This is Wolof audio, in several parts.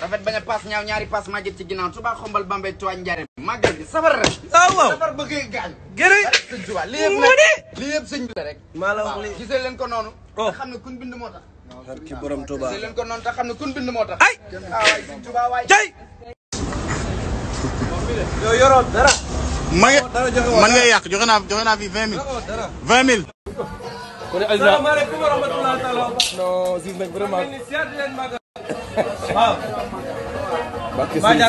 rafet bañ a paas ñaaw ñaari paas maa jël ci ginnaaw Touba xombal Bambey Touba Ndiarème màggal gi safar rek. waaw waaw safar ba koy gaañ. gërëm sëñ Touba lii yëpp nag lii yëpp sëñ bi la rek. maa la wax lii oh. gisee leen ko noonu. te xam ne kuñ bind moo tax. barki borom Touba gisee leen ko noonu te xam ne kuñ bind moo tax. ay waay sëñ Touba waay. jay. yow yoroon dara. ma ngi man ngay yàq joxe naa joxe naa fi vingt mille. vingt mille. kon Alioune. salaamaaleykum wa rahmatulah. non Ziz nag vraiment. waaw. barke Serigne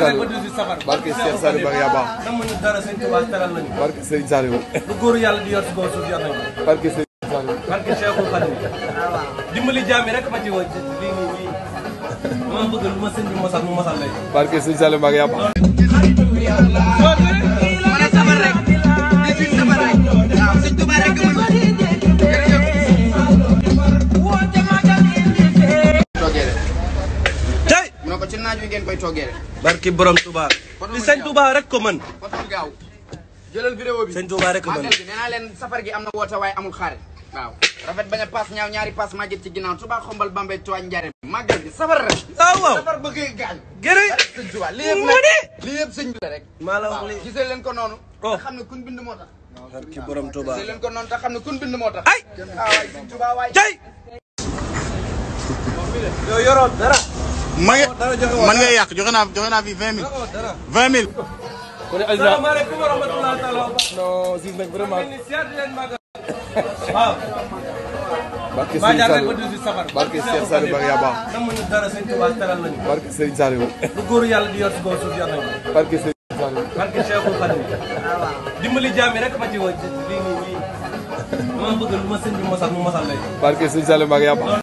Saliou barke Serigne Saliou bari yaa baax. namuñu dara sëñ Touba teral nañu. barke Serigne Saliou. lu góoru yàlla di yor si góor suuf yor nañu. barke Serigne Saliou. barke Cheikhou Khadim. dimbali jaam yi rek ma ci woo lii nii nii. dama bëgg lu ma sëñ bi mosal mu mosal lay. barke Serigne Saliou bari yaa baax. mën a sabar rek. di sabar rek. waaw sëñ Touba rek. ngeen koy toggee rek. barki borom Touba. li sëñ Touba rek ko mën. foto gaaw bi. sëñ Touba rek ko mën màggal gi nee naa leen safar gi am na woote waaye amul xaar. waaw rafet bañ a paas ñaaw ñaari paas màgget ci ginnaaw Touba xombal Bambey Touba Ndiarème. màggal gi safar rek. waaw waaw safar bëggee gaañ. gërë sëñ Touba li yëpp nag li yëpp sëñ bi la rek. la ko noonu. Oh. nga xam ne kun bind moo tax. barki borom Touba ko noonu te xam ne kun bind moo tax. ay ah waay sëñ man man ngay yàq joxe naa joxe naa fi vingt mil vingt mille. kon Aziza salaamaaleykum wa rahmatulah taala. non Ziz nag vraiment. waaw. barke Serigne Saliou barke Serigne Saliou barke yaa baax. góor yàlla di yor si góor dimbali jaam rek ma ci mu mosal lay. barke Serigne